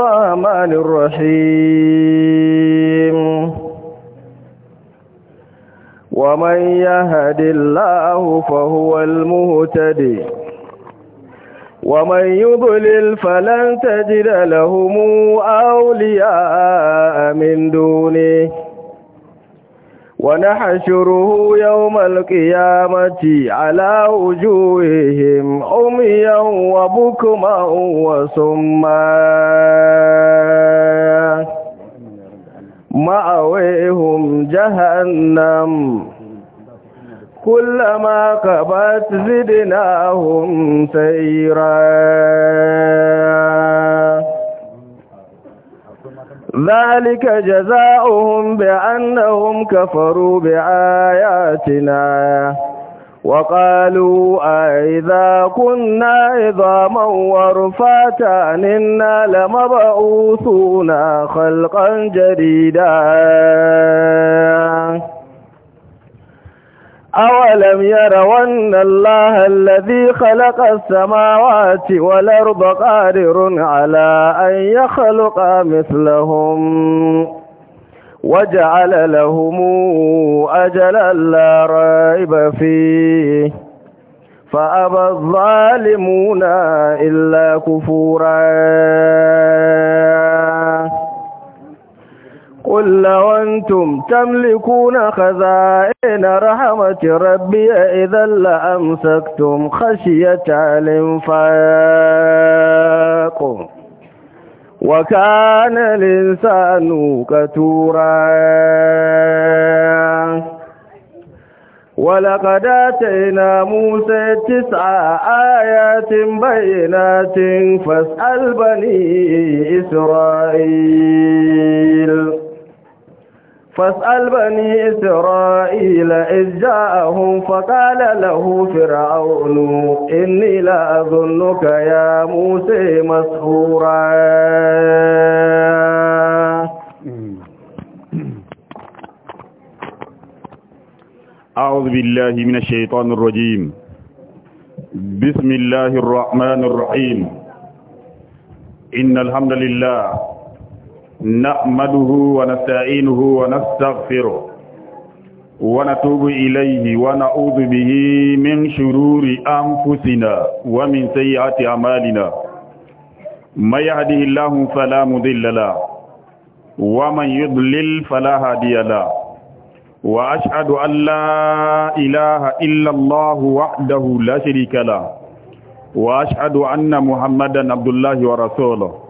الرحمن الرحيم ومن يهد الله فهو المهتدي ومن يضلل فلن تجد لهم أولياء من دونه ونحشره يوم القيامة على وجوههم عميا وبكما وصما مأويهم جهنم كلما كبت زدناهم سيرا ذلك جزاؤهم بأنهم كفروا بآياتنا وقالوا أئذا كنا عظاما ورفاتا إنا لمبعوثون خلقا جديدا أولم يرون الله الذي خلق السماوات والأرض قادر على أن يخلق مثلهم وجعل لهم أجلا لا ريب فيه فأبى الظالمون إلا كفورا قل لو أنتم تملكون خزائن رحمة ربي إذا لأمسكتم خشية الإنفاق وكان الإنسان كتورا ولقد آتينا موسى تسع آيات بينات فاسأل بني إسرائيل فاسأل بني إسرائيل إذ جاءهم فقال له فرعون إني لا أظنك يا موسى مسحورا أعوذ بالله من الشيطان الرجيم بسم الله الرحمن الرحيم إن الحمد لله نحمده ونستعينه ونستغفره ونتوب إليه ونعوذ به من شرور أنفسنا ومن سيئات أعمالنا من يهده الله فلا مضل له ومن يضلل فلا هادي له وأشهد أن لا إله إلا الله وحده لا شريك له وأشهد أن محمدا عبد الله ورسوله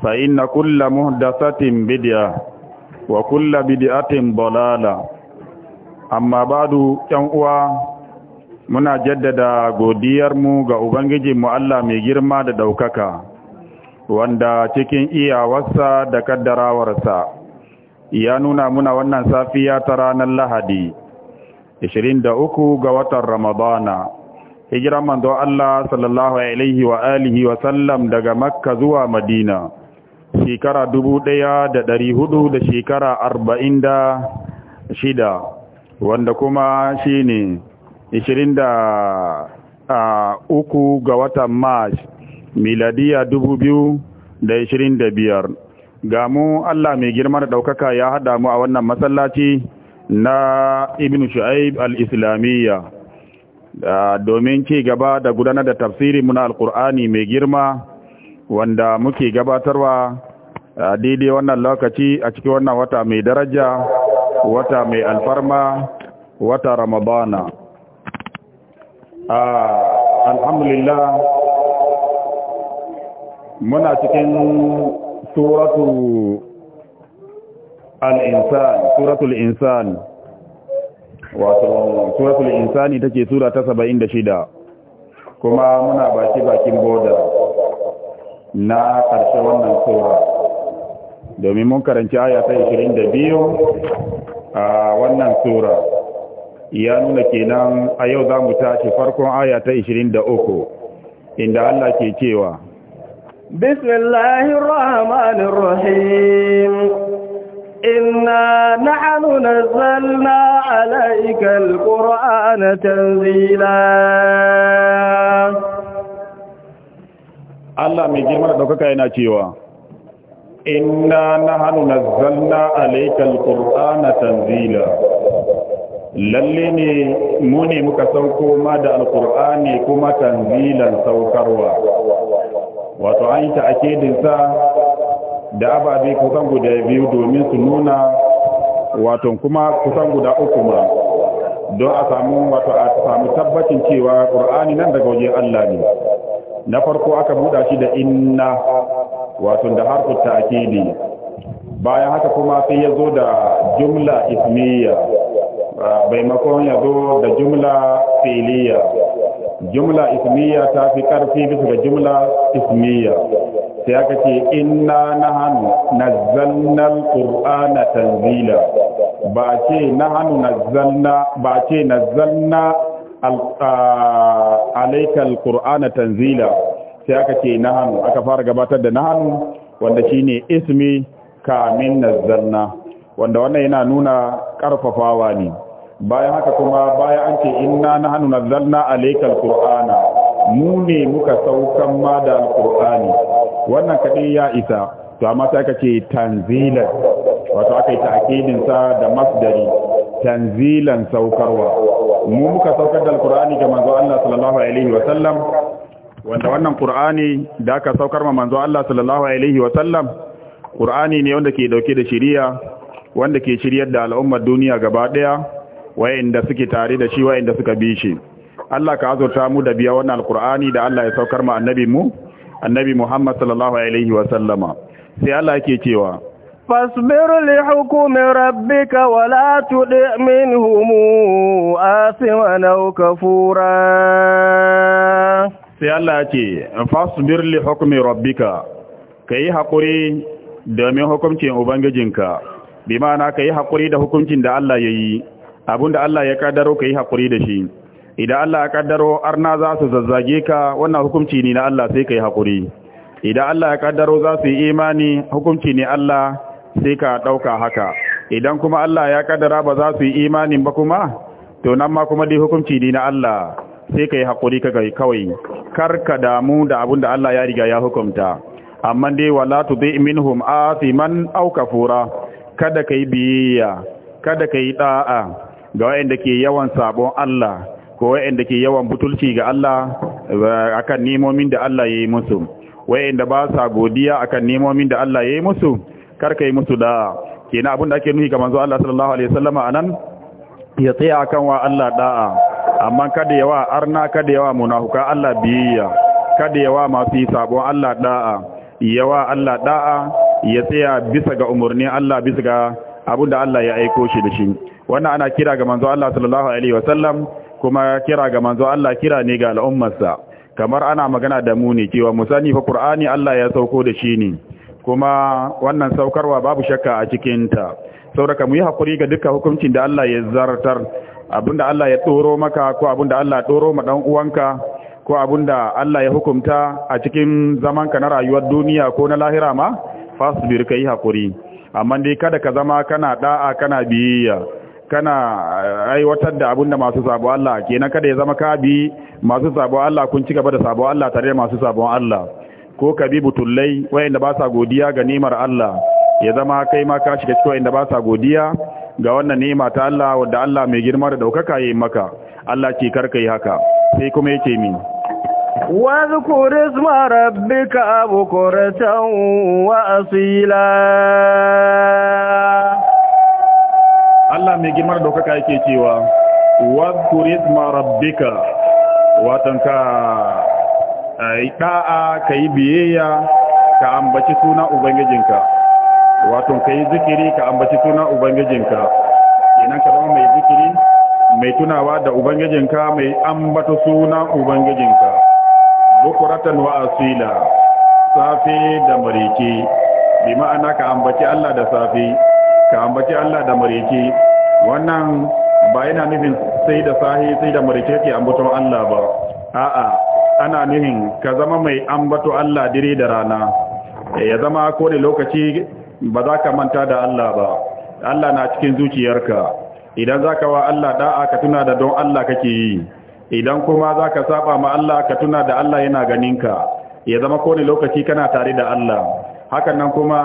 فإن كل balala. بدعة وكل بدعة ضلالة أما بعد ينقوى منا جدد قدير موغا mai girma ميجرما دوككا wanda cikin iyawarsa da kaddarawarsa ya nuna muna wannan safiya ta ranar lahadi 23 ga watan ramadana hijiran manzo Allah sallallahu alaihi wa alihi wa sallam daga makka zuwa madina shekara dubu ɗaya da ɗari hudu da shekara arba'in da shida wanda kuma shi ne ishirin da uku ga watan mars miladiya dubu biyu da ishirin da biyar ga mu allah mai girma da ɗaukaka ya haɗa mu a wannan masallaci na ibn shu'aib al-islamiyya domin ci gaba da gudanar da tafsirin muna alkur'ani mai girma wanda muke gabatarwa a daidai wannan lokaci a cikin wannan wata mai daraja wata mai alfarma wata ramadana alhamdulillah muna cikin suratu al-insan al insan wato suratul insani take sura ta 76 kuma muna baki bakin boda na ƙarshe wannan sura domin mun karanci ayata 22 a wannan sura ya nuna kenan a yau za mu tashi farkon ayata 23 inda Allah ke cewa bismillahir rahmanir rahim إنا نحن نزلنا عليك القرآن تنزيلا Allah mai girma da ɗaukaka yana cewa inna zanna nazzalna alaykal qur'ana tanzila lalle ne mu ne muka sauko ma da alqur'ani kuma tanzilan saukarwa wato an yi ta akedin dinsa da ababe kusan guda biyu domin su nuna wato kuma kusan guda uku ma don a samu wato a samu tabbacin cewa ƙur'ani nan daga wajen Allah ne na farko aka buɗa shi da inna wato da harfin ta'kidi bayan haka kuma sai ya zo da jumla ismiya maimakon ya zo da jumla filiya jumla ismiya ta fi ƙarfi bisa ga jumla ismiya sai aka ce inna na nazzalna alqur'ana tanzila ba ce na nazzalna ba ce nazzalna alaikal qur'ana tanzila sai aka ce nahanu aka fara gabatar da nahanu wanda shine ismi kamin nazzalna wanda wannan yana nuna karfafawa ne bayan haka kuma bayan an ce inna nahanu nazzalna alaikal qur'ana mu ne muka saukan ma da alqur'ani wannan kadai ya isa to amma sai aka ce tanzilan wato aka yi ta'kidin sa da masdari tanzilan saukarwa mu muka saukar da alkur'ani ga manzo Allah sallallahu alaihi wa sallam wanda wannan qur'ani da aka saukar ma manzo Allah sallallahu alaihi wa sallam qur'ani ne wanda ke dauke da shiriya wanda ke shiryar da al'ummar duniya gaba daya wayanda suke tare da shi wayanda suka bi shi Allah ka azurta mu da biya wannan alkur'ani da Allah ya saukar ma annabi mu annabi Muhammad sallallahu alaihi wa sallama sai Allah yake cewa فاصبر لحكم ربك ولا تدع منهم آثما أو كفورا sai Allah ce fasbir li hukmi rabbika kai hakuri domin hukuncin ubangijinka bi ma'ana kai hakuri da hukuncin da Allah yayi abinda Allah ya kaddaro kai hakuri da shi idan Allah ya kaddaro arna za su zazzage ka wannan hukunci ne na Allah sai kai hakuri idan Allah ya kaddaro za yi imani hukunci ne Allah sai ka ɗauka haka idan kuma Allah ya kaddara ba za su yi imanin ba kuma to nan ma kuma dai hukunci ne na Allah sai ka yi haƙuri kawai kar ka damu da abin da Allah ya riga ya hukunta amma dai wala bi minhum asiman aw kafura kada kai biyayya kada kai da'a ga wayanda ke yawan sabon Allah ko wayanda ke yawan butulci ga Allah eh, akan nemomin da Allah yayi musu wayanda ba sa godiya akan nemomin da Allah yayi musu karka yi musu da kenan abin da ake nuhi ga manzo Allah sallallahu alaihi wasallama anan ya tsaya kan wa Allah da'a amma kada yawa arna kada yawa munafuka Allah biyayya kada yawa masu sabon Allah da'a yawa Allah da'a ya tsaya bisa ga umurni Allah bisa ga da Allah ya aiko shi da shi wannan ana kira ga manzo Allah sallallahu alaihi wasallam kuma kira ga manzo Allah kira ne ga al'ummarsa kamar ana magana da mu ne cewa musani fa Qur'ani Allah ya sauko da shi ne kuma wannan saukarwa babu shakka a cikinta sauraka mu yi haƙuri ga duka hukuncin da Allah ya zartar abinda Allah ya ɗoro maka ko abinda Allah ya ɗoro ma ɗan uwanka ko abinda Allah ya hukumta a cikin zamanka na rayuwar duniya ko na lahira ma fasbir ka yi haƙuri amma dai kada ka zama kana da'a kana biyayya kana eh, aiwatar da abinda masu sabo Allah kenan kada ya zama ka bi masu sabo Allah kun ci gaba da sabo Allah tare da masu sabon Allah ko ka bi butullai wayanda ba sa godiya ga nimar Allah ya zama kai ma ka shiga cikin wayanda ba sa godiya ga wannan nima ta Allah wadda Allah mai girma da daukaka yayin maka Allah ce karka yi haka sai kuma yake min واذكر اسم ربك بكرة وأصيلا Allah mai da daukaka yake cewa wadkur isma rabbika watan ka da'a ka yi biyayya ka ambaci suna ubangijinka wato ka zikiri ka ambaci suna ubangijinka kenan ka zama mai zikiri mai tunawa da ubangijinka mai ambata suna ubangijinka bukuratan wa asila safe da mariki bi ma'ana ka ambaci Allah da safe ka ambaci Allah da mariki wannan ba yana nufin sai da sahi sai da mariki ke ambata Allah ba a'a ana nihin ka zama mai ambato Allah dire da rana eh, ya zama ko da lokaci ba za ka manta da Allah ba Allah na cikin zuciyarka idan za ka wa Allah da'a ka tuna da don Allah kake yi idan kuma za ka saba ma Allah ka tuna da Allah yana ganin ka ya zama ko da lokaci kana tare da Allah hakan nan kuma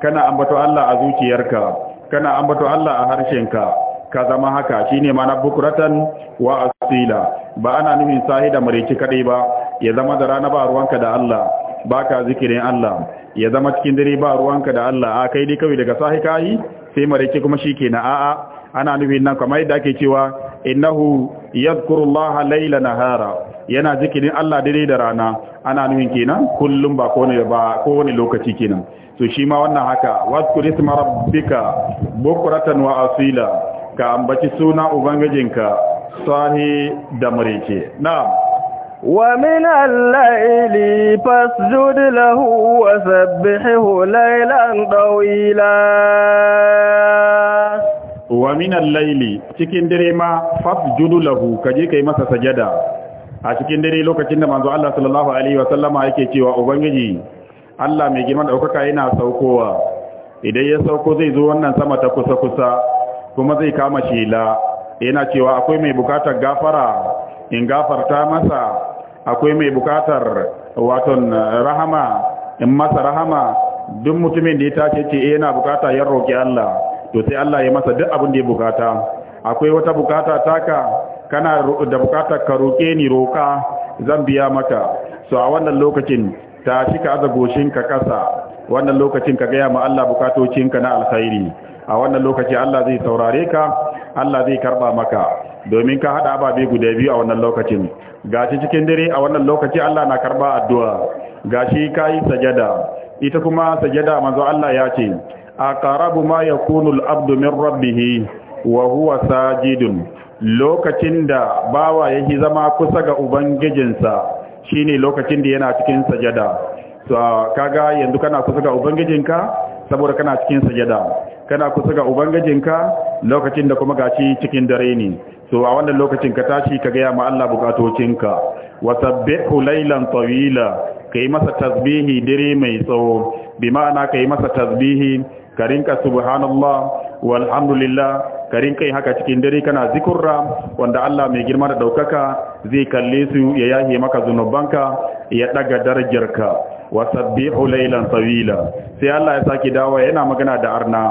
kana ambato Allah a zuciyarka kana ambato Allah a harshenka ka zama haka Shi shine mana bukuratan wa asila ba ana nufin sahi da mareci kadai ba ya zama da rana ba ruwanka da Allah Ba ka zikirin Allah ya zama cikin dare ba ruwanka da Allah a kai dai kawai daga sahi ka yi? sai mareci kuma shi na a'a ana nufin nan kamar yadda ake cewa innahu yadhkurullaha layla nahara yana zikirin Allah dare da rana ana nufin kenan kullum ba kowane ba kowane lokaci kenan to shi ma wannan haka wa isma rabbika bukratan wa asila ka ambaci suna ubangijinka sahi da marike na. wa min al-layli fasjud lahu wa sabbihhu laylan tawila wa min al-layli cikin dare ma fasjud lahu kaje kai masa sajada a cikin dare lokacin da manzo Allah sallallahu alaihi wa sallama yake cewa ubangiji Allah mai girman daukaka yana saukowa idan ya sauko zai zo wannan sama ta kusa kusa kuma zai kama shela yana cewa akwai mai bukatar gafara in gafarta masa akwai mai bukatar waton eh, rahama in masa rahama duk mutumin da ya tace ce eh, yana bukata ya roki Allah to sai Allah ya masa duk abin da ya bukata akwai wata bukata taka kana da bukatar ka roke ni roka zan biya maka so a wannan lokacin tashi ka aza goshin ka kasa wannan lokacin ka gaya ma Allah bukatocinka na alkhairi a wannan lokaci Allah zai saurare ka Allah zai karba maka domin ka hada ababe guda biyu a wannan lokacin gashi cikin dare a wannan lokaci Allah na karba addu'a gashi kai sajada ita kuma sajada manzo Allah ya ce aqrabu ma yakunu al-abdu min rabbih wa huwa sajidun lokacin da bawa yake zama kusa ga ubangijinsa shine lokacin da yana cikin sajada to kaga yanzu kana kusa ga ubangijinka saboda kana cikin sajada kana kusa ga ubangijinka lokacin da kuma gashi cikin dare ne so a wannan lokacin ka tashi ka gaya ma Allah bukatocinka sabbihu laylan tawila kai masa tasbihi dare mai tsawo bi ma'ana kai masa tasbihi ka rinka subhanallah walhamdulillah karin kai haka cikin dare kana zikurra wanda Allah mai girma da daukaka zai kalle su ya yahe maka zunubanka ya daga darajarka wa sabbihu laylan tawila sai Allah ya saki dawo yana magana da arna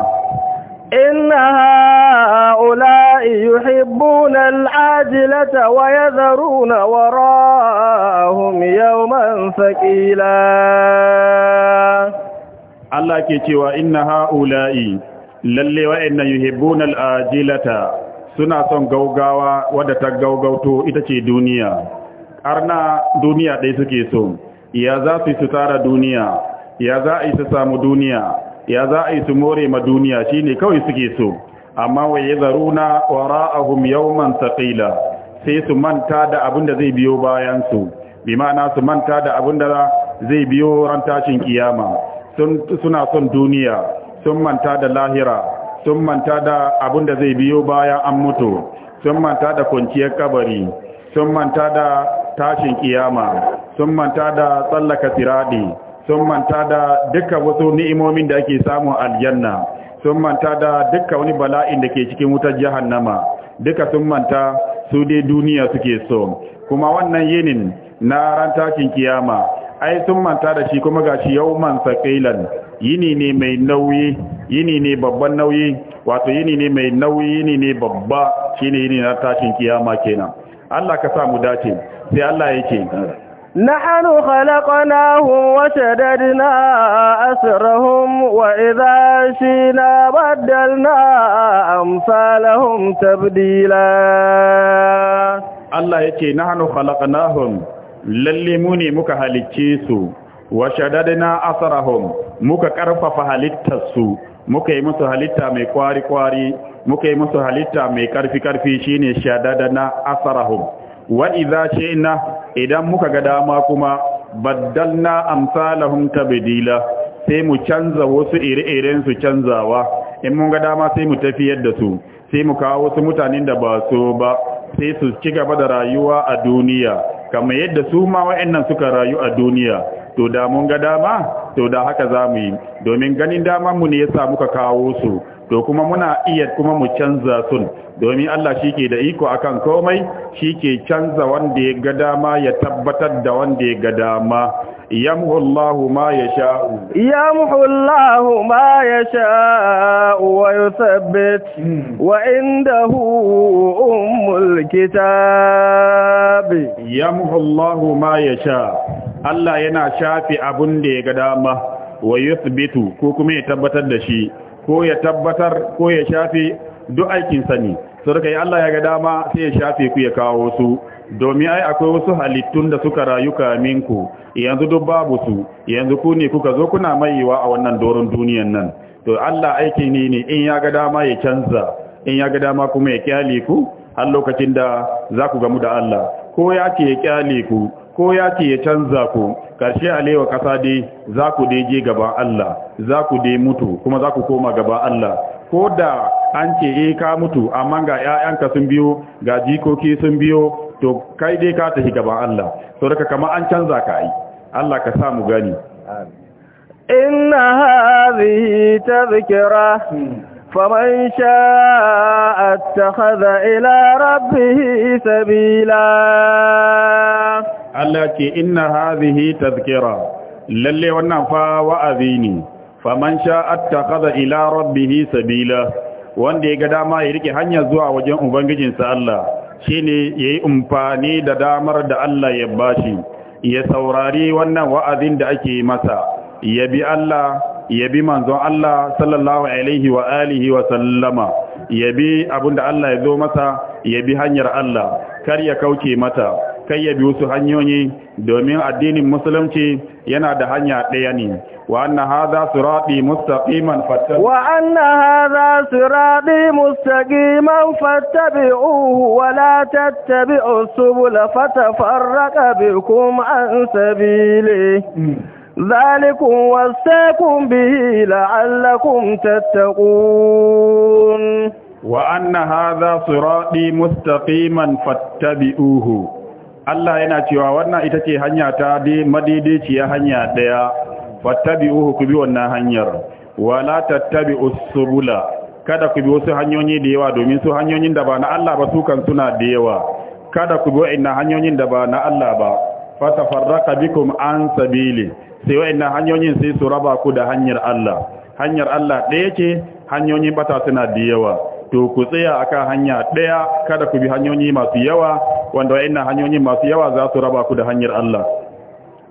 inna ha'ula'i yuhibbuna al'ajilata wa yadharuna wara'ahum yawman thaqila Allah ke cewa inna ha'ula'i lalle wa'anna yuhibbuna al'ajilata suna son gaugawa wadda ta gaugauto ita ce duniya arna duniya ɗaya suke so ya za su yi su tara duniya ya za a yi su samu duniya ya za a yi su more ma duniya shi ne kawai suke so amma wai ya zaru na, zaruna wara'ahum yawman thaqila sai su manta da abin da zai biyo bayansu. bi ma'ana su manta da abin da zai biyo ran tashin kiyama suna son duniya sun manta da lahira sun manta da abin da zai biyo bayan an mutu sun manta da kwanciyar kabari sun manta da tashin kiyama sun manta da tsallaka siradi sun manta da duka wasu ni'imomin da ake samun aljanna sun manta da duka wani bala'in da ke cikin wutar jahannama duka sun manta su dai duniya suke so kuma wannan yinin na ran tashin kiyama ai sun manta da shi kuma gashi yauman saqilan yini ne mai nauyi yini ne babban nauyi wato yini ne mai nauyi yini ne babba shine yini na tashin kiyama kenan Allah ka sa mu dace sai Allah yake nahanu khalaqnahum wa shaddadna asrahum wa idha shina badalna amsalahum tabdila Allah yake nahanu nahun lalli muni muka halicce su wa shaddadna asrahum muka ƙarfafa halittarsu muka yi musu halitta mai kwari kwari muka yi musu halitta mai karfi karfi shine shaddadna asrahum Wa'iza ce na? idan muka ga dama kuma baddalna amsalahum tabdila sai mu canza wasu ire-iren su canzawa in mun ga dama sai mu tafiyar da su sai mu kawo wasu mutanen da ba su ba sai su ci gaba da rayuwa a duniya kamar yadda su ma wa'annan suka rayu a duniya to da mun ga dama to da haka za mu yi domin ganin dama mu ne yasa muka kawo su to kuma muna iya kuma mu canza sun domin Allah shi ke da iko akan komai shi ke canza wanda ya ga dama ya tabbatar da wanda ya ga dama Ya Allahu ma sha'u. Ya Allahu ma ya sha'u wa yuthabbit hmm. wa indahu ummul kitab Ya Allahu ma ya Allah yana shafi abun da ya ga dama wa yuthbitu ko kuma ya tabbatar da shi ko ya tabbatar ko ya shafe duk aikin sani so da kai Allah ya ga dama sai ya shafe ku ya kawo su domin ai akwai wasu halittun da suka rayuka kamin ku yanzu duk babu su yanzu ku ne kuka zo kuna maiwa a wannan doron duniyan nan to Allah aiki ne ne in ya ga dama ya canza in ya ga dama kuma ya kyale ku har lokacin da za ku gamu da Allah ko ya ce ya kyale ku ko ya ce ya canza ku karshe alewa kasa dai za ku dai je gaban Allah za ku dai mutu kuma za ku koma gaba Allah ko da an ce eh ka mutu amma ga ƴaƴanka sun biyo ga jikoki sun biyo to kai dai ka tafi gaban Allah saboda kamar an canza ka ai Allah ka sa mu gani amin inna hadhihi tadhkira hmm. فمن شاء اتخذ إلى ربه سبيلا الله كي إن هذه تذكرة للي ونفا وأذيني فمن شاء اتخذ إلى ربه سبيلا wanda ya ga dama ya rike hanyar zuwa wajen ubangijinsa Allah shine yayi umfani da damar da Allah ya bashi ya saurari wannan wa'azin da ake masa ya bi Allah yabi manzon Allah sallallahu alaihi wa alihi wa sallama yabi abinda Allah ya zo masa yabi hanyar Allah kar ya kauce mata kai yabi wasu hanyoyi domin addinin musulunci yana da hanya ɗaya ne wa anna hadha sirati mustaqiman fattabi'uhu wa anna hadha sirati mustaqiman fattabi'uhu wa la tattabi'us subula fatafarraqa bikum an sabili hmm. ذلكم وساكم به لعلكم تتقون وأن هذا صراطي مستقيما فاتبعوه Allah yana cewa wannan ita ce hanya ta madaidaiciya hanya daya fattabi'uhu ku bi wannan hanyar wala tattabi'us subula kada ku bi wasu hanyoyi da yawa domin su hanyoyin da ba na Allah ba su kan suna da yawa kada ku bi wa'annan hanyoyin da ba na Allah ba farraka bikum an sabili sai wayannan hanyoyin sai su raba ku da hanyar Allah hanyar Allah ɗaya ce hanyoyin bata suna da yawa to ku tsaya akan hanya ɗaya kada ku bi hanyoyi masu yawa wanda wayannan hanyoyin masu yawa za su raba ku da hanyar Allah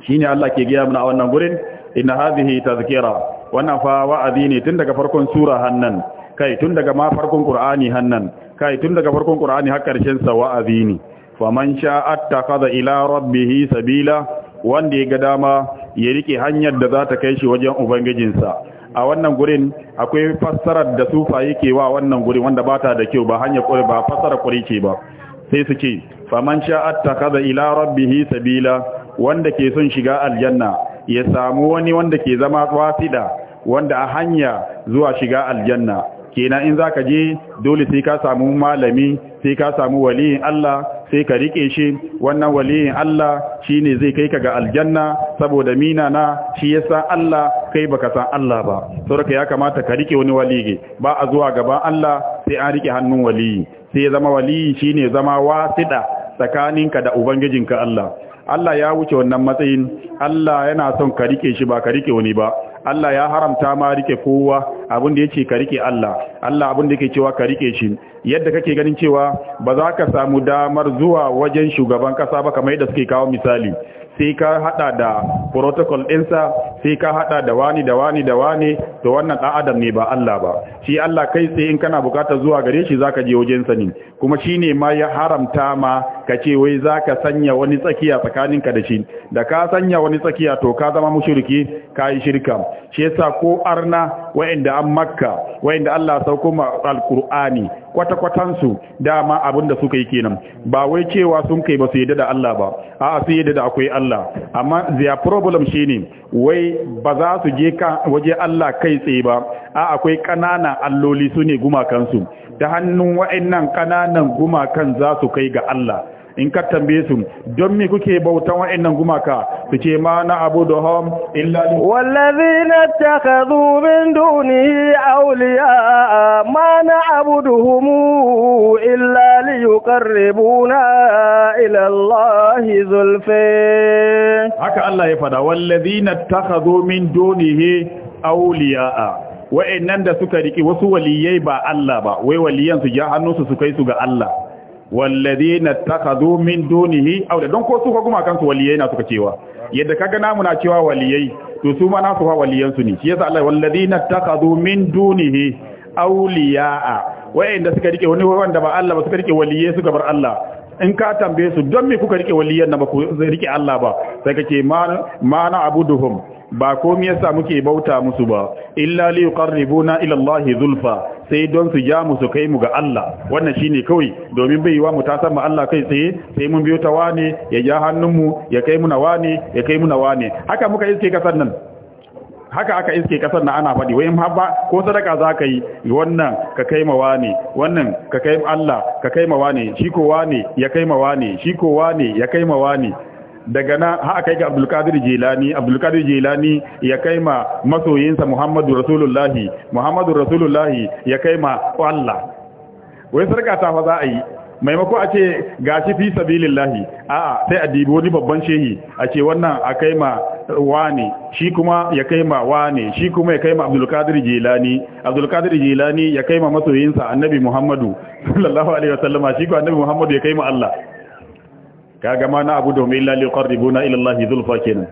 shine Allah ke gaya mana a wannan gurin inna hadhihi tazkira wannan fa wa'azi ne tun daga farkon sura hannan kai tun daga ma farkon qur'ani hannan kai tun daga farkon qur'ani har karshen sa wa'azi ne faman sha'a attakhadha ila rabbihi sabila wanda ya ga dama ya rike hanyar da za ta kai shi wajen ubangijinsa a wannan gurin akwai fassarar da sufa yake wa wannan gurin wanda ba ta da kyau ba hanyar ƙuri ba fassarar ƙuri ce ba sai su ce faman sha'at takaza ila rabbihi sabila wanda ke son shiga aljanna ya samu wani wanda ke zama tsafida wanda a hanya zuwa shiga aljanna kenan in za ka je dole sai ka samu malami sai ka samu waliyin Allah sai ka rike shi wannan waliyin Allah shi ne zai kai ka ga aljanna saboda mina na shi ya san Allah kai baka san Allah ba saboda ya kamata ka rike wani waliyi ba a zuwa gaban Allah sai an rike hannun waliyi sai ya zama waliyi ne zama wasida tsakaninka da ubangijinka Allah Allah ya wuce wannan matsayin Allah yana son ka rike shi ba ka rike wani ba Allah ya haramta ma rike kowa abin da yake ka rike Allah Allah abin da yake cewa ka rike shi yadda kake ganin cewa ba za ka samu damar zuwa wajen shugaban kasa ba kamar yadda suke kawo misali sai ka hada da protocol ɗinsa sai ka hada da wani da wani da wani to wannan ɗan adam ne ba Allah ba shi Allah kai tsaye in kana bukatar zuwa gare shi zaka je wajen sa ne kuma shine ma ya haramta ma ka ce wai zaka sanya wani tsakiya tsakaninka da shi da ka sanya wani tsakiya to ka zama mushriki kai shirka shi yasa ko arna wa'anda an makka wayanda Allah sauko ma alqur'ani kwata kwatan su dama abinda suka yi kenan ba wai cewa sun kai ba su yadda da Allah ba a su yadda da akwai Allah amma their problem shine wai ba za su je kan waje Allah kai tsaye ba a akwai kanana alloli su ne gumakan su da hannun wayannan ƙananan gumakan za su kai ga Allah in ka tambaye su don me kuke bautan wa'annan gumaka su ce ma na abu da hom illa li wallazina takhadhu min dunihi awliya ma na abuduhum illa li yuqarribuna ila Allah zulfa haka Allah ya fada wallazina takhadhu min dunihi awliya wa'annan da suka riƙi wasu waliyai ba Allah ba wai waliyan su ja hannunsu su kai su ga Allah walladhina takhadhu min dunihi aw don ko su ko kuma kansu waliyai na suka cewa yadda ka gana muna cewa waliyai to su ma nasu fa waliyan su ne shi yasa Allah walladhina takhadhu min dunihi awliya'a wayanda suka rike wani wanda ba Allah ba suka rike waliyai suka bar Allah in ka tambaye su don me kuka rike waliyan nan ba ku rike Allah ba sai kake ma na abuduhum ba komai yasa muke bauta musu ba illa li yuqarribuna ila Allah zulfa sai don su ja mu su kai mu ga Allah wannan shine kawai domin bai wa mu ta san Allah kai sai sai mun biyo ta wane ya ja hannun mu ya kai mu na wane ya kai mu na wane haka muka iske kasar nan haka aka iske kasar nan ana faɗi wayan habba ko sadaka za ka yi wannan ka ma wane, wannan ka kai Allah ka ma wane, shi kowa ne ya kai ma wane, shi kowa ne ya kai ma wane. daga nan ha aka yi ga abdulkadir jilani abdulkadir jilani ya kai ma masoyinsa muhammadu rasulullahi muhammadu rasulullahi ya kai ma Allah wai sarka ta fa za a yi maimako a ce ga shi fi sabilillahi a'a sai a dibi wani babban shehi a ce wannan a kai ma wane shi kuma ya kai ma wane shi kuma ya kai ma abdulkadir jilani abdulkadir jilani ya kai ma masoyinsa annabi muhammadu sallallahu alaihi wasallama shi ko annabi muhammadu ya kai ma Allah kaga ma na abu domin illa liqarribuna ila Allah zulfa kenan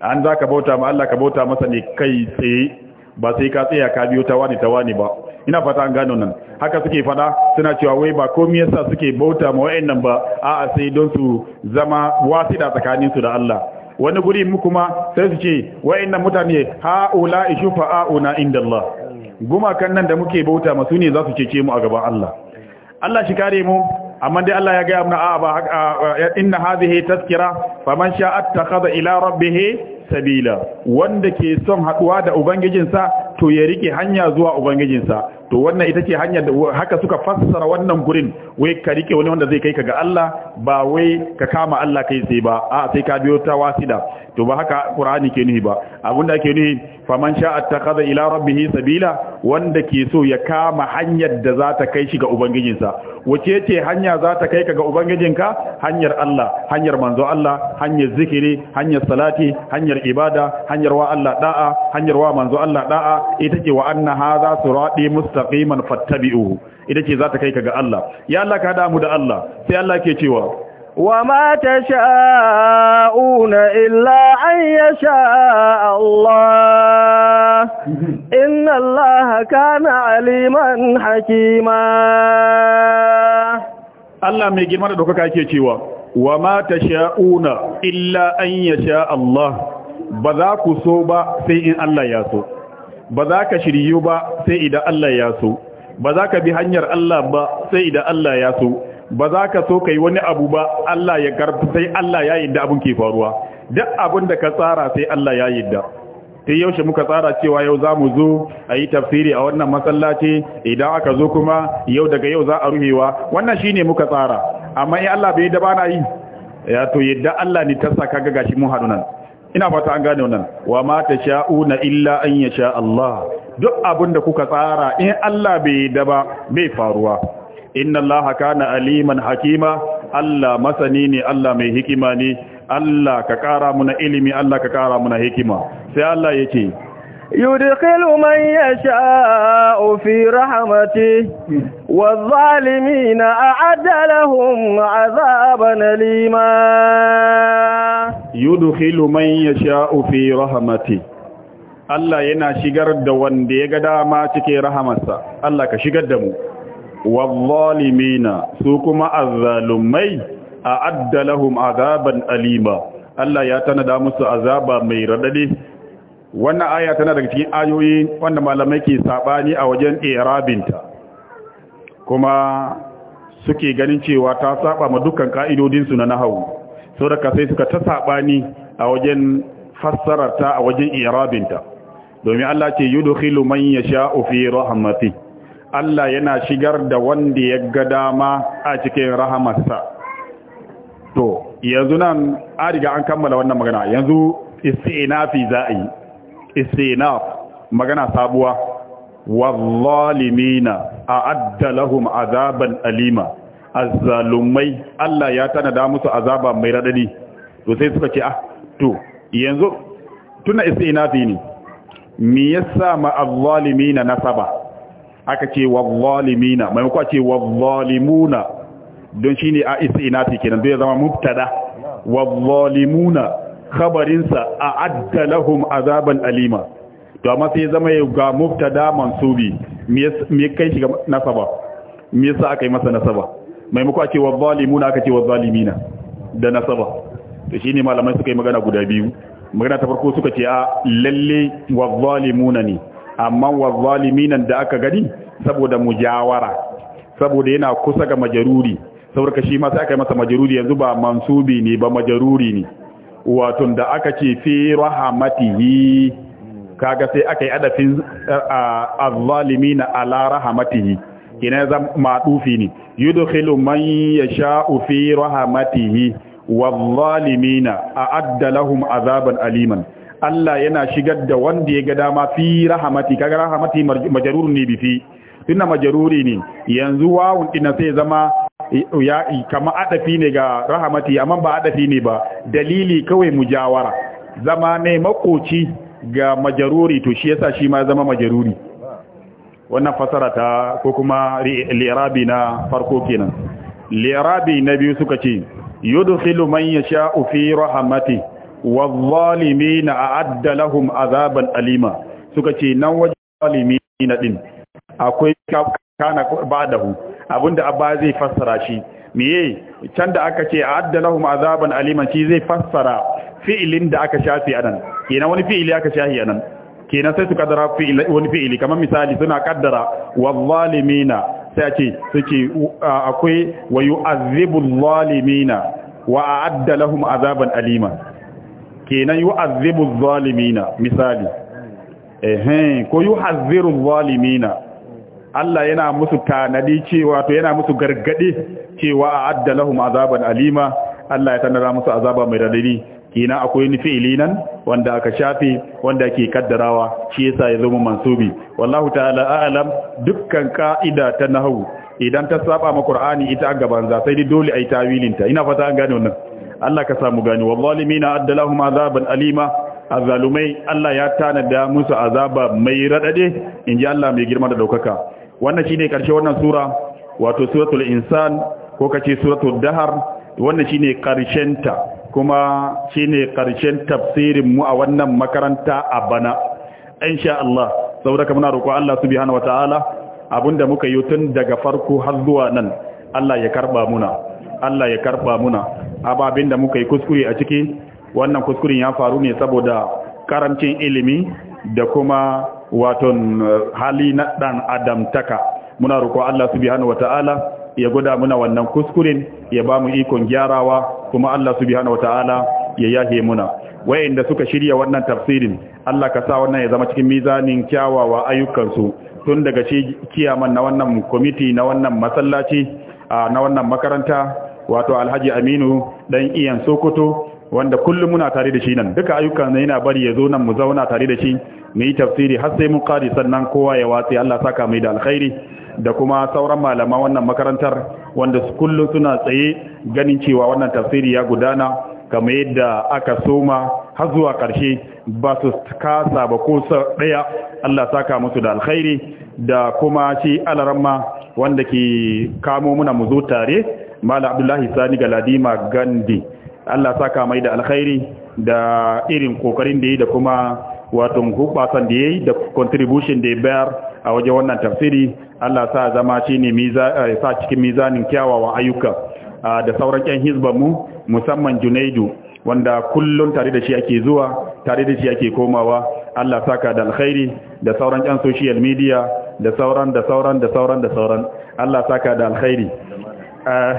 an zaka bauta ma Allah ka bauta masa ne kai tsaye ba sai ka tsaya ka biyo tawani-tawani. ba ina fata an gano nan haka suke fada suna cewa wai ba komai yasa suke bauta ma wayannan ba a'a sai don su zama wasida tsakanin su da Allah wani guri mu kuma sai su ce wayannan mutane ha'ula shufa'auna inda Allah gumakan nan da muke bauta ma su ne za su cece mu a gaban Allah Allah shi kare mu amma dai Allah ya gaya mana a ba inna hadhihi tazkira faman sha'a attakhadha ila rabbih sabila wanda ke son haduwa da ubangijinsa to ya rike hanya zuwa ubangijinsa to wannan ita ce hanyar da haka suka fassara wannan gurin wai ka rike wani wanda zai kai ka ga Allah ba wai ka kama Allah kai sai ba a sai ka biyo ta wasila to ba haka qur'ani ke nuhi ba abinda ke nuhi faman sha attakhadha ila rabbih sabila wanda ke so ya kama hanyar da za ta kai shi ga ubangijinsa wace ce hanya za ta kai ka ga ubangijinka hanyar Allah hanyar manzo Allah hanyar zikiri hanyar salati hanyar ibada hanyar wa Allah da'a hanyar wa manzo Allah da'a ita ce wa anna hadha sirati mustaqiman fattabi'uhu ita ce za ta kai ka ga Allah ya Allah ka damu mu da Allah sai Allah ke cewa وما تشاءون إلا أن يشاء Allah? Inna Allah كان aliman hakima. Allah mai girma da dokaka yake cewa wama tasha'una illa an yasha Allah ba za ku so ba sai in Allah ya so ba za ka shiryu ba sai idan Allah ya so ba za ka bi hanyar Allah ba sai idan Allah ya so ba za ka so kai wani abu ba Allah ya karfi sai Allah ya yadda abin ke faruwa duk abin da ka tsara sai Allah ya yadda sai yaushe muka tsara cewa yau za mu zo a yi tafsiri a wannan masallaci idan aka zo kuma yau daga yau za a ruhewa wannan shine muka tsara amma in Allah bai da bana yi ya to yadda Allah ne ta saka ga gashi mu haɗu nan ina fata an gane wannan wa ma sha'una illa an yasha Allah duk abinda kuka tsara in Allah bai da ba bai faruwa inna Allah kana aliman hakima Allah masani ne Allah mai hikima ne Allah ka kara muna ilimi Allah ka kara muna hikima sai Allah yake يدخل من يشاء في رحمته والظالمين أعد لهم عذابا ليما يدخل من يشاء في رحمته Allah yana shigar da wanda ya ga dama cikin rahamarsa Allah ka shigar da mu walzalimina su kuma azzalumai a addalahum azaban alima Allah ya tanada musu azaba mai raɗaɗi. wannan aya tana daga cikin ayoyi wanda malamai ke sabani a wajen irabinta kuma suke ganin cewa ta saba ma dukkan su na nahawu saboda sai suka ta sabani a wajen fassararta a wajen irabinta domin Allah ce yudkhilu man yasha'u fi rahmati Allah yana shigar da wanda ya ga dama a cikin rahamarsa to yanzu nan an riga an kammala wannan magana yanzu istinafi za'i istinaf magana sabuwa wallalimina a'adda lahum azaban alima azzalumai Allah ya tanada musu azaba mai radadi to sai suka ce ah to yanzu tuna istinafi ne me yasa ma azzalimina nasaba aka ce mai maimakon ce wallalimuna don shine a istinafi kenan zai zama mubtada wallalimuna khabarinsa a adda lahum azaban alima to amma sai zama ya ga mubtada mansubi me kai shi nasaba me yasa aka yi masa nasaba maimako ake wa zalimuna aka ce wa zalimina da nasaba to shine malamai suka yi magana guda biyu magana ta farko suka ce a lalle wa zalimuna ne amma wa zalimina da aka gani saboda mujawara saboda yana kusa ga majaruri saboda shi ma sai aka yi masa majaruri yanzu ba mansubi ne ba majaruri ne wato da aka ce fi rahamatihi kaga sai aka yi adafin azzalimina ala rahamatihi kina zan madufi ne yudkhilu man yasha'u fi rahamatihi wazzalimina a'adda lahum azaban aliman Allah yana shigar da wanda ya ga dama fi rahamati kaga rahamati majarur ne bifi. fi majaruri ne yanzu wawun ina sai zama ya kama adafi ne ga rahamati amma ba adafi ne ba dalili kawai mujawara zama ne makoci ga majaruri to shi yasa shi ma zama majaruri wannan fasara ta ko kuma li'rabi na farko kenan li'rabi na biyu suka ce yudkhilu man yasha'u fi rahamati wadh-dhalimina a'adda lahum azaban alima suka ce nan wajen zalimina din akwai kana ba'dahu abinda abba zai fassara shi miye can da aka ce adda lahum azaban aliman shi zai fassara fi'ilin da aka shafi anan kenan wani fi'ili aka shafi anan kenan sai su kaddara wani fi'ili kamar misali suna kaddara wazzalimina sai a ce suke akwai wa yu'azzibu zalimina wa a'adda lahum azaban aliman. kenan yu'azzibu zalimina misali eh ko yuhazziru zalimina Allah yana musu tanadi cewa to yana musu gargade cewa a lahum azaban alima Allah ya tanada musu azaba mai radadi kina akwai ni fi'ili nan wanda aka shafe wanda ke kaddarawa shi yasa ya zama mansubi wallahu ta'ala a'lam dukkan ka'ida ta nahwu idan ta saba ma Qur'ani ita a gaban za sai dole ai tawilin ta ina fata an gane wannan Allah ka samu gani wallalimina addalahum azaban alima azalumai Allah ya tanada musu azaba mai radade inji Allah mai girma da daukaka wannan shine karshe wannan sura wato suratul insan ko kace suratul dahar wannan shine karshen ta kuma shine karshen tafsirin mu a wannan makaranta a bana insha Allah saboda muna roƙo Allah subhanahu wataala abinda muka yi tun daga farko har zuwa nan Allah ya karba muna Allah ya karba muna ababin da muka yi kuskure a ciki wannan kuskuren ya faru ne saboda karancin ilimi da kuma waton eh, hali na dan taka muna roko Allah subhanahu wataala ya gwada muna wannan kuskuren ya ba mu ikon gyarawa kuma Allah subhanahu wataala ya yahe muna wayanda suka shirya wannan tafsirin Allah ka sa wannan ya zama cikin mizanin kyawawa ayyukansu tun daga shi kiyaman na wannan kwamiti na wannan masallaci na wannan makaranta wato Alhaji Aminu dan iyan Sokoto wanda kullum muna tare da shi nan duka ayyukan yana bari ya zo nan mu zauna tare da shi mu yi tafsiri har sai mun kare sannan kowa ya watsi Allah saka mai da alkhairi da kuma sauran malama wannan makarantar wanda su kullum suna tsaye ganin cewa wannan tafsiri ya gudana kamar yadda aka soma har zuwa ƙarshe ba su kasa ba ko ɗaya Allah saka musu da alkhairi da kuma shi alaramma wanda ke kamo muna mu zo tare mala abdullahi sani galadima gandi Allah saka mai da alkhairi da irin kokarin da yi da kuma wato hubbasan da yayi da contribution da ya bayar a wajen wannan tafsiri Allah sa zama shi miza eh, sa cikin mizanin kyawawan ayyuka ah, da sauran ƴan hizban mu musamman Junaidu wanda kullun tare da shi ake zuwa tare da shi ake komawa Allah saka da alkhairi da sauran ƴan social media da sauran da sauran da sauran da sauran Allah saka da alkhairi eh,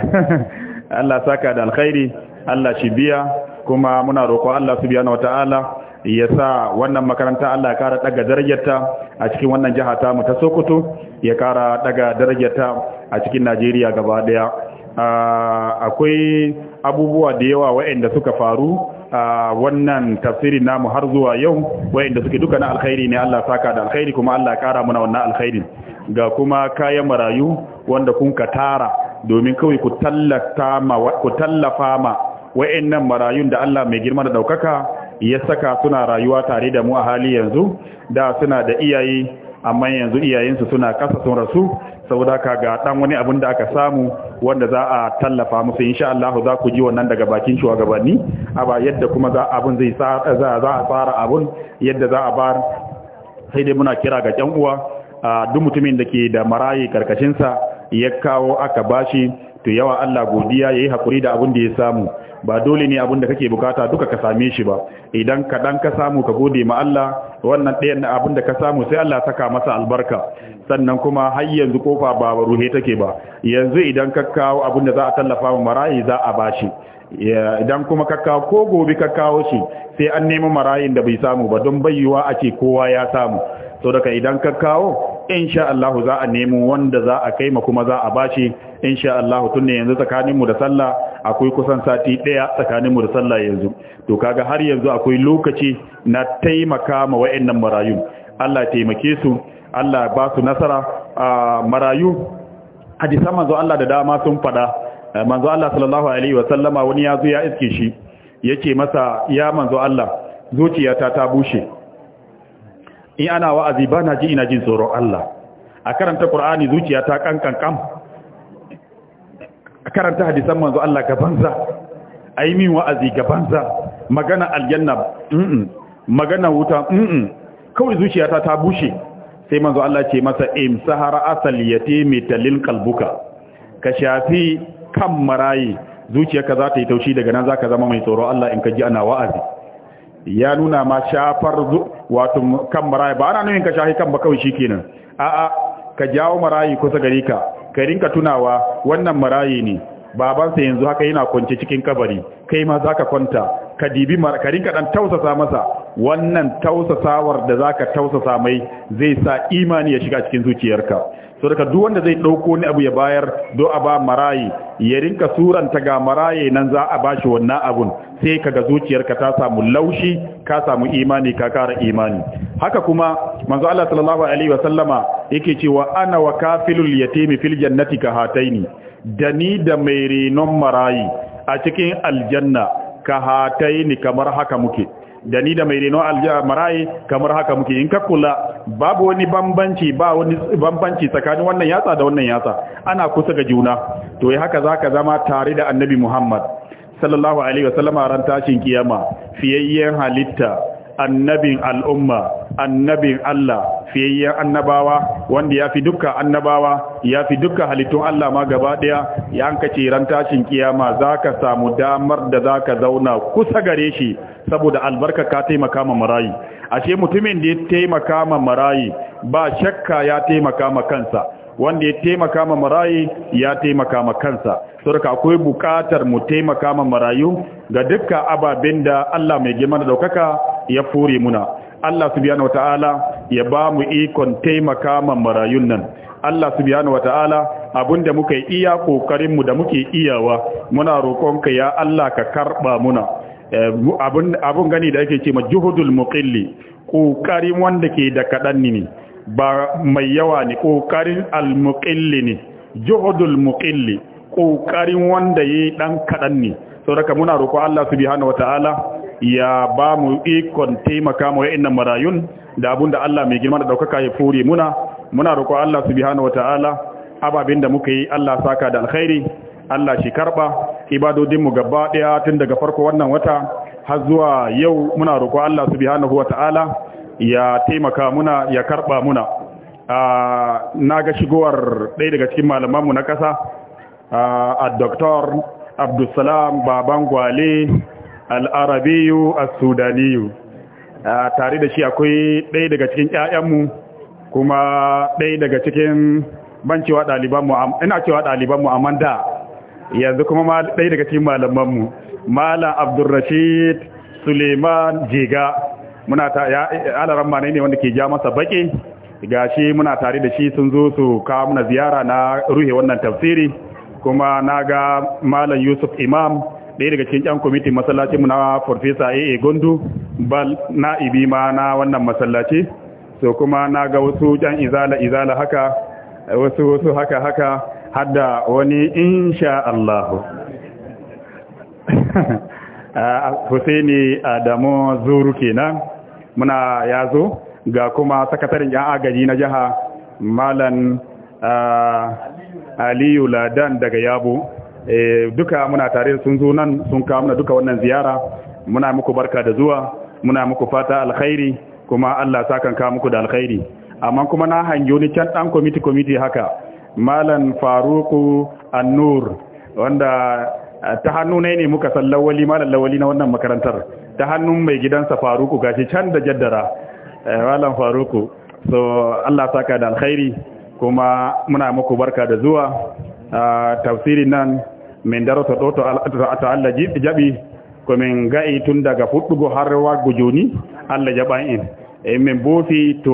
Allah saka da alkhairi Allah shi biya kuma muna roƙo Allah subhanahu wataala ya sa wannan makaranta Allah ya kara daga darajarta a cikin wannan jiha ta mu ta Sokoto ya kara daga darajarta a cikin Najeriya gaba daya akwai abubuwa da yawa waɗanda suka faru a wannan tafsiri namu har zuwa yau waɗanda suke duka na alkhairi ne Allah saka da alkhairi kuma Allah ya kara mana wannan alkhairi ga kuma kayan marayu wanda kun ka tara domin kawai ku tallafa ma wa'annan marayun da Allah mai girma da ɗaukaka ya saka suna rayuwa tare da mu a hali yanzu da suna da iyayi, amma yanzu iyayensu suna kasa sun rasu saboda ka ga dan wani abin da aka samu wanda za a tallafa musu insha Allah za ku ji wannan daga bakin shugabanni aba yadda kuma za abin zai za za a fara abun yadda za a bar sai dai muna kira ga ƴan uwa duk mutumin da ke da marayi karkashin sa ya kawo aka bashi to yawa Allah godiya yayi hakuri da abin da ya samu ba dole ne abin kake bukata duka ka same shi ba idan kaɗan ka samu ka gode ma Allah wannan ɗayan abin da ka samu sai Allah saka masa albarka sannan kuma har yanzu kofa ba ruhe take ba yanzu idan ka kawo abin za a tallafa wa marayi za a bashi idan kuma ka kawo ko gobe ka kawo shi sai an nemi marayin da bai samu ba don bayuwa ake kowa ya samu so daga idan ka kawo insha Allah za a nemo wanda za a kai ma kuma za a bashi insha Allah tun ne yanzu tsakanin mu da sallah akwai kusan sati daya tsakanin mu da sallah yanzu to kaga har yanzu akwai lokaci na taimaka ma wayannan marayu Allah taimake su Allah ba su nasara a marayu hadisan manzo Allah da dama sun fada manzo Allah sallallahu alaihi wa sallama wani zo ya iske shi yace masa ya manzo Allah zuciyata ta bushe in ana wa'azi ba na ji ina jin tsoron Allah a karanta Qur'ani zuciya ta kankan kam a karanta hadisan manzo Allah gabanza yi min wa'azi gabanza magana aljanna mm magana wuta mm kawai zuciyata ta bushe sai manzo Allah ce masa im sahara asal yatimi talil kalbuka ka shafi kan marayi zuciyarka za ta yi taushi daga nan ka zama mai tsoro Allah in ka ji ana wa'azi ya nuna ma shafar wato kan marayi ba ana nuna shahi kan ba shi kenan a'a ka jawo marayi kusa gari ka ka rinka tunawa wannan marayi ne babansa yanzu haka yana kwance cikin kabari kai ma za ka kwanta ka dibi ka rinka dan tausasa masa wannan tausasawar da za ka tausasa mai zai sa imani ya shiga cikin zuciyarka to duk wanda zai ɗauko ni abu ya bayar do a ba marayi ya rinka suranta ga maraye nan za a bashi wannan abun sai ka kaga zuciyarka ta samu laushi ka samu imani ka kara imani haka kuma manzo Allah sallallahu alaihi wasallama yake cewa ana wa kafilul yatimi fil jannati ka hataini da ni da mai renon marayi a cikin aljanna ka hataini kamar haka muke da ni da mai reno maraye kamar haka muke in kula babu wani bambanci ba wani bambanci tsakanin wannan yatsa da wannan yatsa ana kusa ga juna to yi eh, haka za ka zama tare da annabi Muhammad sallallahu alaihi wasallam ran tashin kiyama fiyayyen halitta annabin al'umma annabin Allah fiyayyen annabawa wanda ya fi dukka annabawa ya fi duka halittun Allah ma gaba daya ya an kace ran tashin kiyama za ka samu damar da za ka zauna kusa gare shi saboda albarka ka taimaka ma marayi ashe mutumin da ya taimaka ma marayi ba shakka ya taimaka ma kansa wanda ya taimaka ma marayi ya taimaka ma kansa saboda akwai bukatar mu taimaka ma marayu ga dukkan ababen da Allah mai girma da daukaka ya fure muna Allah subhanahu wataala ya ba mu ikon taimaka ma marayun nan Allah subhanahu wataala abinda muka yi iya kokarinmu da muke iyawa muna roƙonka ya Allah ka karɓa muna eh, abun abun gani da ake ce ma juhudul muqilli kokarin wanda ke da kaɗanni ne ba mai yawa ne kokarin al ne juhudul muqilli kokarin wanda yi ɗan kaɗanni. ne saboda muna roƙon Allah subhanahu wataala ya ba mu ikon taimaka mu wa'annan marayun da abinda Allah mai girma da daukaka ya fure muna muna roƙo Allah subhanahu wataala ababin da muka yi Allah saka da alkhairi Allah shi karba ibadodin gaba ɗaya tun daga farko wannan wata har zuwa yau muna roƙo Allah subhanahu wataala ya taimaka muna ya karba muna na ga shigowar ɗaya daga cikin malamanmu na ƙasa a Dr. Abdulsalam Baban Gwale al'arabiyu a sudaniyu tare da shi akwai ɗaya daga cikin ‘ya'yanmu kuma ɗaya daga cikin ban cewa ɗalibanmu ina cewa ɗalibanmu a manda yanzu kuma ɗaya daga cikin malamanmu malam abdurrashid suleiman jiga muna ta ya alaran ma ne wanda ke ja masa baƙi. Ga shi muna tare da shi sun zo su kawo muna ziyara na ruhe wannan tafsiri kuma na ga malam yusuf imam ɗaya daga cikin ƴan kwamitin mu na farfesa AA Gondo bal na'ibi ma na wannan masallaci so kuma na ga wasu ƴan izala izala haka wasu wasu haka haka hadda wani insha Allah Husaini Adamu Zuru kenan muna yazo ga kuma sakatarin ƴan agaji na jiha Malam Aliyu Ladan daga Yabo Eh, duka muna tare sun zo nan sun kawo muna duka wannan ziyara muna muku barka da zuwa muna muku fata alkhairi kuma Allah kan kawo muku da alkhairi amma kuma na hanyo ni can dan committee committee haka malam faruku annur wanda eh, ta hannu ne ne muka san lawali malam lawali na wannan makarantar ta hannun mai gidansa faruku gashi can da jaddara eh, malam faruku so Allah saka da alkhairi kuma muna muku barka da zuwa ah, tafsirin nan min daroto ɗo to to allah jaɓi min ga'i tun daga fuɗɗugo har waggo joni allah jaɓan en e min boofi to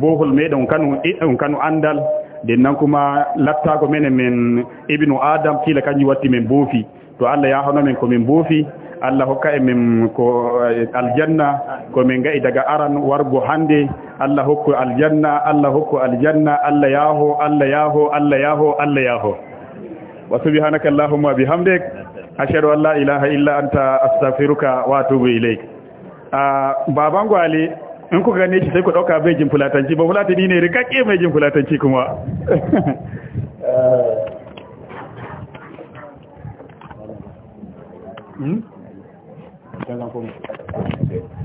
bohol meɗen kanu on kanu andal nden nan kuma lattago menen min ibnu adam kila kanjum watti min boofi to allah yahano min ko min boofi Allah hokka e min ko e, aljanna ko min ga'i daga aran wargo hande Allah hokku aljanna Allah hokku aljanna Allah yaho Allah yaho Allah yaho Allah yaho wa subhanaka allahumma bihamdik ashhadu an la ilaha illa anta astaghfiruka wa atubu ilaik a baban gwale in kuka gane shi sai ku dauka bai jin fulatanci ba fulatani ne rikakke mai jin fulatanci kuma Hmm? hmm?